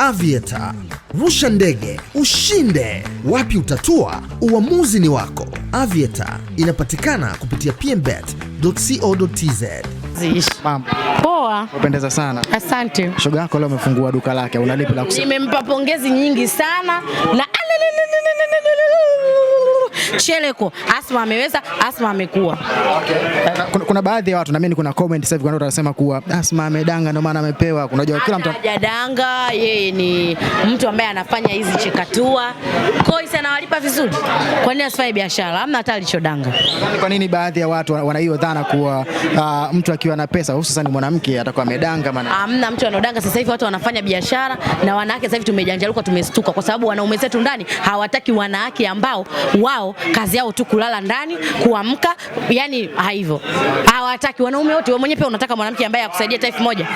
Avieta, rusha ndege ushinde. Wapi utatua? Uamuzi ni wako. Avieta inapatikana kupitia pmbet.co.tz. Ziishi mambo poa, unapendeza sana, asante. Shoga yako leo amefungua duka lake, unalipi la kusema? Nimempa pongezi nyingi sana na cheleko asma ameweza, asma amekuwa. Eh, kuna, kuna baadhi ya watu na mimi kuna comment sasa hivi kwa wanasema kuwa asma amedanga ndio maana amepewa. Unajua kila mtu hajadanga, yeye ni mtu ambaye anafanya hizi chekatua kois sana, walipa vizuri. Kwa nini asifanye biashara? Hamna hata alichodanga. Yaani kwa nini baadhi ya watu wana hiyo dhana kuwa uh, mtu akiwa na pesa hususan mwanamke atakuwa amedanga? Maana hamna mtu anodanga. Sasa hivi watu wanafanya biashara na wanawake sasa hivi tumejanjaluka, tumestuka kwa sababu wanaume zetu ndani hawataki wanawake ambao wao kazi yao tu kulala ndani, kuamka, yani haivyo. hawataki wanaume wote. Wewe mwenyewe pia unataka mwanamke ambaye akusaidia taifa moja,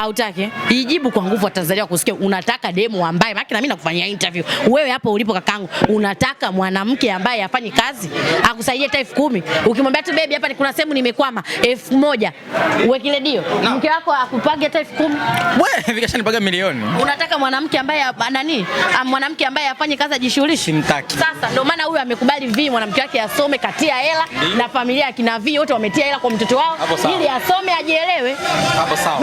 hautaki eh? ijibu kwa nguvu. Watanzania kusikia unataka demu ambaye maki, na mimi nakufanyia interview wewe hapo ulipo kakangu, unataka mwanamke ambaye afanye kazi akusaidia taifa kumi. Ukimwambia tu baby, hapa kuna sehemu nimekwama elfu moja dio no. mke wako akupage taifa kumi wewe paga milioni. Unataka mwanamke ambaye nani, mwanamke ambaye afanye kazi ajishughulishi? mtaki. Sasa ndio maana huyu amekubali alikubali V mwanamke wake asome, katia hela na familia ya kina V wote wametia hela kwa mtoto wao ili asome ajielewe. Hapo sawa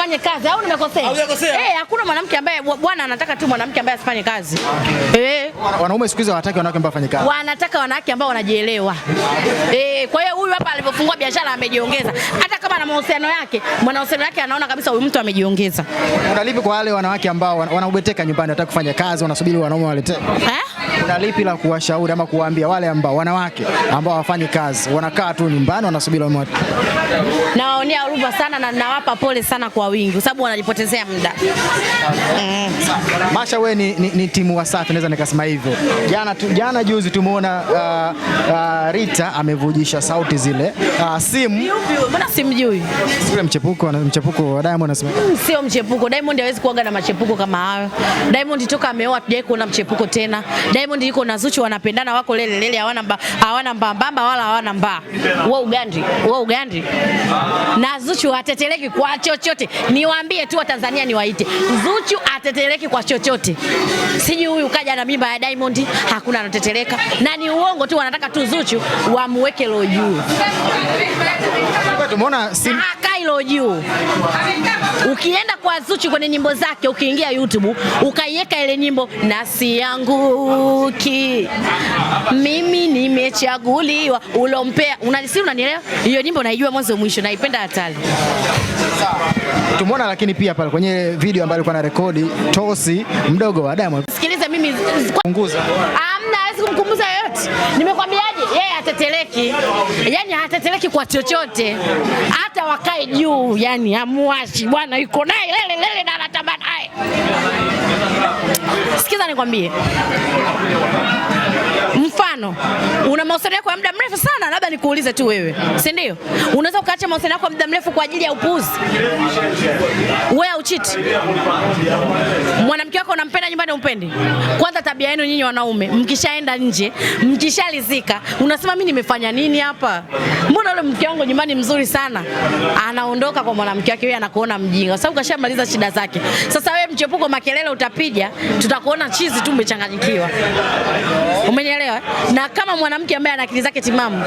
afanye kazi au nimekosea? Eh, hakuna mwanamke ambaye bwana anataka tu mwanamke ambaye asifanye kazi. Eh. Wanaume siku hizi hawataki wanawake ambao wafanye kazi. Wanataka wanawake ambao wanajielewa. Eh, kwa hiyo huyu hapa alipofungua biashara amejiongeza. Hata kama ana mahusiano yake, mahusiano yake anaona kabisa huyu mtu amejiongeza. Unalipi kwa wale wanawake ambao wanaubeteka nyumbani wataka kufanya kazi wanasubiri wanaume walete. Eh? Unalipi la kuwashauri ama kuwaambia wale ambao wanawake ambao hawafanyi kazi, wanakaa tu nyumbani wanasubiri wanaume. Naona kubwa sana na ninawapa pole sana kwa wingi, kwa sababu wanajipotezea muda. Mm. Masha, wewe ni, ni, ni timu Wasafi, naweza nikasema hivyo. Jana tu, jana juzi tumeona uh, uh, Rita amevujisha sauti zile uh, simu. Mbona simjui? Yule mchepuko na mchepuko wa Diamond anasema. mm, Sio mchepuko. Diamond hawezi kuaga na machepuko kama hayo. Diamond toka ameoa tujai kuona mchepuko tena. Diamond yuko na Zuchu wanapendana wako lele lele hawana hawana mbambamba wala hawana mbaa. Wao Ugandi, wao Ugandi. Na Zuchu ateteleki kwa chochote. Niwaambie tu Watanzania, niwaite Zuchu ateteleki kwa chochote. Siji huyu kaja na mimba ya Diamond, hakuna anateteleka, na ni uongo tu, wanataka tu Zuchu wamweke lo juu. Tumeona sim... akai lo juu. Ukienda kwa Zuchu kwenye nyimbo zake, ukiingia YouTube ukaiweka ile nyimbo nasi yangu ki mimi nimechaguliwa ulompea, unanisikia, unanielewa? Hiyo nyimbo naijua mwanzo mwisho, naipenda hata mbalimbali. Tumeona lakini pia pale kwenye video ambayo alikuwa na rekodi Tosi mdogo wa Diamond. Sikiliza mimi punguza. Hamna hawezi kumkumbuza yoyote. Nimekwambiaje? Yeye hateteleki. Yaani hateteleki kwa chochote. Hata wakae juu, yani amuashi bwana yuko naye lele lele na anatamani. Sikiza nikwambie mahusiano una mahusiano yako ya muda mrefu sana, labda nikuulize tu wewe, si ndio? Unaweza ukaacha mahusiano yako ya muda mrefu kwa ajili ya upuzi? Wewe uchiti mwanamke wako unampenda nyumbani, umpendi? Kwanza tabia yenu nyinyi wanaume, mkishaenda nje, mkishalizika, unasema mimi nimefanya nini hapa? Mbona yule mke wangu nyumbani mzuri sana, anaondoka kwa mwanamke wake, yeye anakuona mjinga, kwa sababu kashamaliza shida zake. Sasa wewe mchepuko, makelele utapiga, tutakuona chizi tu umechanganyikiwa, umenielewa? Eh? na kama mwanamke ambaye ana akili zake timamu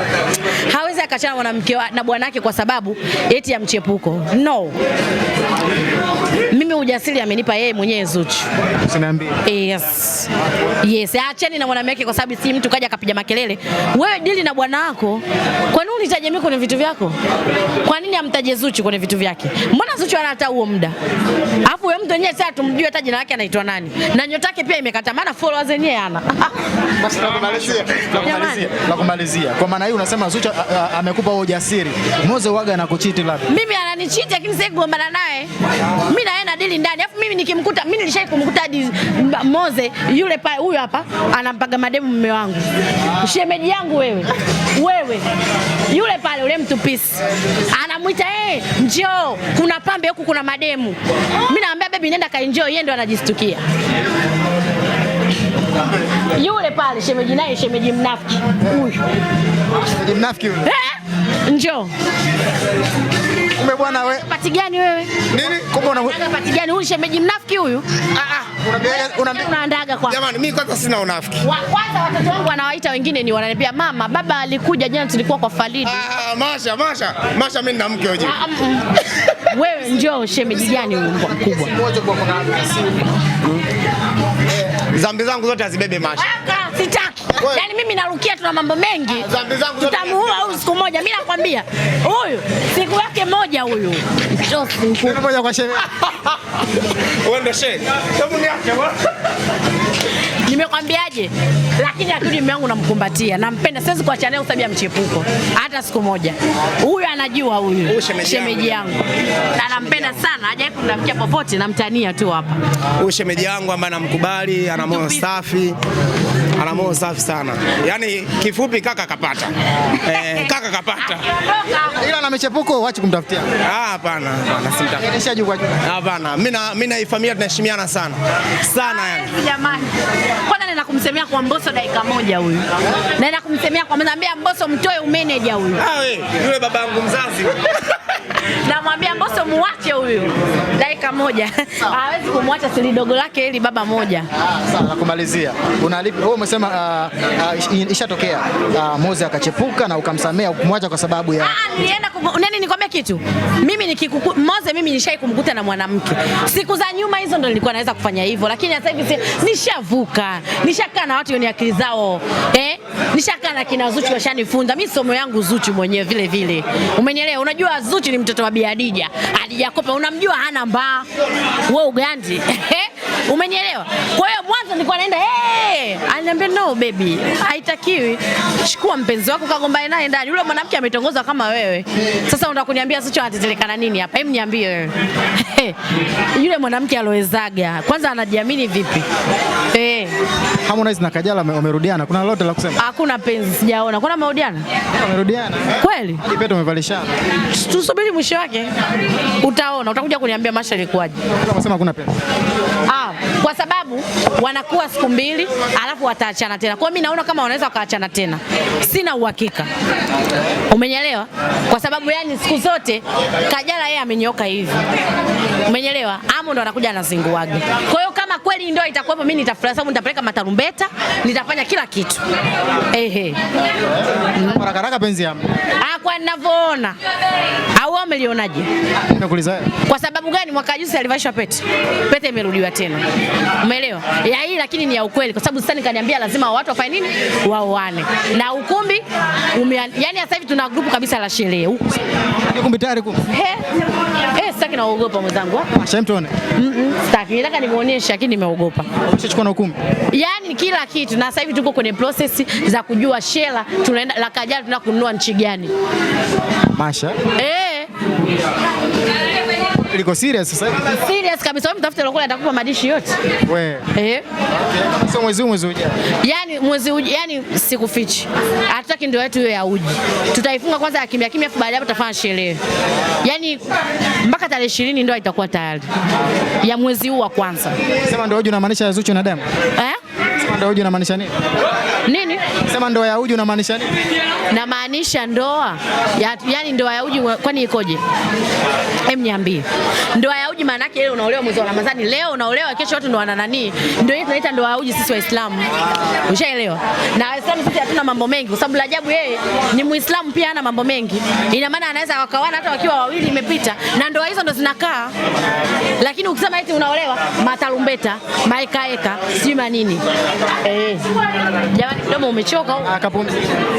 hawezi akachana mwanamke na bwanake kwa sababu eti ya mchepuko no mimi ujasiri amenipa yeye mwenyewe Zuchu. Usiniambie. Yes. Yes, acheni na mwanamke kwa sababu si mtu kaja kapiga makelele. Wewe dili na bwana wako. Kwa nini unitaje mimi kwenye vitu vyako? Kwa nini amtaje Zuchu kwenye vitu vyake? Mbona Zuchu ana hata huo muda? Alafu wewe mtu mwenyewe sasa tumjue hata jina lake anaitwa nani? Na nyota yake pia imekata maana followers yenyewe ana. Basi na Na kumalizia. kumalizia. Na kumalizia. Kwa maana hii unasema Zuchu amekupa ujasiri. Moze waga na kuchiti labda. Mimi ananichiti lakini sasa gombana naye. Mimi naenda kujadili ndani. Alafu mimi nikimkuta, mimi nilishai kumkuta hadi Moze yule pale, huyu hapa anampaga mademu mume wangu, shemeji yangu wewe, wewe yule pale, ule mtu pisi anamwita eh, hey, njoo kuna pambe huku, kuna mademu. Mimi naambia bebi, nenda kaenjoy, yeye ndo anajistukia yule pale shemeji naye shemeji mnafiki huyu, shemeji mnafiki huyu, eh, njoo Kumbe bwana wewe. Pati gani wewe? Nini? Kumbe una pati gani huyu shemeji mnafiki huyu? Ah ah. Yaani, unaandaga kwa. Jamani mimi kwanza sina unafiki. Kwanza watoto wangu wanawaita wengine ni wananiambia mama, baba alikuja jana tulikuwa kwa Falidi. Ah, ah Masha, Masha. Masha mimi nina mke wewe. Ah, mm. Wewe njoo shemeji gani huyu mkubwa? Zambi zangu zote azibebe Masha. Sitaki. Yaani mimi narukia, tuna mambo mengi, ah, tutamuua huyu siku moja. Mimi nakwambia huyu siku yake moja, huyu moja kwa Nimekwambiaje? Lakini akili mume wangu namkumbatia, nampenda, siwezi kuacha naye usabia mchepuko hata siku moja. Huyu anajua huyu shemeji yangu na nampenda sana, hajawahi kunamkia popote, namtania tu hapa. Huyu shemeji yangu ambaye namkubali, ana moyo safi ana moyo safi sana. Yaani kifupi kaka kapata. Eh, eh kaka kapata. Ila na michepuko waache kumtafutia. Ah, hapana, hapana simtafuti. Inesha juu kwa juu. Hapana, mimi na mimi na familia tunaheshimiana sana. Sana yani. Jamani. Kwanza nani kumsemea kwa Mbosso dakika moja huyu? naenda kumsemea kwa mnaambia Mbosso mtoe umeneja huyu. Ah, wewe yule babangu mzazi. namwambia Mbosso muache huyu dakika moja, hawezi kumwacha sili dogo lake ili baba moja. Sasa kumalizia, wewe, umesema uh, uh, ishatokea uh, Moze akachepuka na ukamsamea ukumwacha kwa sababu ya ah, nani, nikwambia kitu mimi nikikuku, mimi nishai kumkuta na mwanamke siku za nyuma hizo, ndo nilikuwa naweza kufanya hivyo, lakini sasa hivi nishavuka, nishakaa na watu wenye akili zao eh, nishakaa na kina Zuchu washanifunza mimi somo yangu Zuchu mwenyewe vile vile, umenielewa? Unajua Zuchu ni mtoto wa Bi Hadija. Hadija Kopa unamjua hana mbaa. Wewe ugandi. Umenielewa? Kwa hiyo kwanza nilikuwa naenda hey! Ananiambia no baby, haitakiwi. Chukua mpenzi wako kagombane naye ndani. Yule mwanamke ametongozwa kama wewe. Sasa unataka kuniambia sisi tetelekana nini hapa? Hebu niambie wewe. Yule mwanamke alowezaga kwanza anajiamini vipi? Eh. Harmonize na Kajala wamerudiana. Kuna lolote la kusema? Hakuna penzi, sijaona. Kuna marudiana? Wamerudiana. Kweli? Hadi pete umevalishana. Tusubiri mwisho wake. Utaona, utakuja kuniambia Masha ilikuwaje. Unasema kuna penzi. Ah, kwa sababu wanakuwa siku mbili alafu wataachana tena. Kwa hiyo mimi naona kama wanaweza wakaachana tena, sina uhakika, umenyelewa? Kwa sababu yani siku zote Kajala yeye amenyoka hivi, umenyelewa? Amo ndo anakuja anazinguaga. Kwa hiyo kama kweli ndio itakuwepo, mimi nitafurahi, sababu nitapeleka matarumbeta, nitafanya kila kitu. Ehe, karakaraka penzi yangu ah, kwa ninavyoona. Au wao mlionaje? Nakuuliza kwa sababu gani mwaka juzi alivashwa pete, pete imerudiwa tena umeelewa? Ya hii lakini ni ya ukweli, kwa sababu Stan kaniambia lazima watu wafanye nini, waoane na ukumbi ume, yani sasa hivi tuna grupu kabisa la sherehe ukumbi tayari ku eh, sitaki naogopa mwenzangu, tuone mm -mm, sitaki, nataka nimuonyeshe, lakini nimeogopa. Umeshachukua na ukumbi, yani kila kitu, na sasa hivi tuko kwenye process za kujua shela tunaenda la kajali, tunataka kununua nchi gani Masha eh liko serious sasa hivi. Serious kabisa. Wewe mtafute lokole atakupa madishi yote. Wewe. Eh. Okay. So mwezi mwezi ujao. Yaani mwezi ujao, yani sikufichi. Hatutaki ndio yetu hiyo ya uji. Tutaifunga kwanza ya kimya kimya afu hapo tutafanya sherehe. Yaani mpaka tarehe 20 ndio itakuwa tayari. Ya mwezi huu wa kwanza. Sema ndio uji unamaanisha ya Zuchu na Diamond? Eh? Ndoa ya uji unamaanisha nini? Nini? Sema ndoa ya uji unamaanisha nini? Namaanisha ndoa. Ya, yani ndoa ya uji kwani ikoje? Hem, niambie. Ndoa ya auji maana yake ile unaolewa mwezi wa Ramadhani, leo unaolewa, kesho watu ndo wana nani, ndio hii tunaita ndoa auji sisi Waislamu. Ushaelewa? Na Waislamu sisi hatuna mambo mengi, kwa sababu la ajabu yeye ni Muislamu pia ana mambo mengi, ina maana anaweza wakawana hata wakiwa wawili, imepita na ndoa hizo ndo zinakaa. Lakini ukisema eti unaolewa, matarumbeta, maekaeka, sima nini? Eh, jamani, mdomo umechoka akapumzika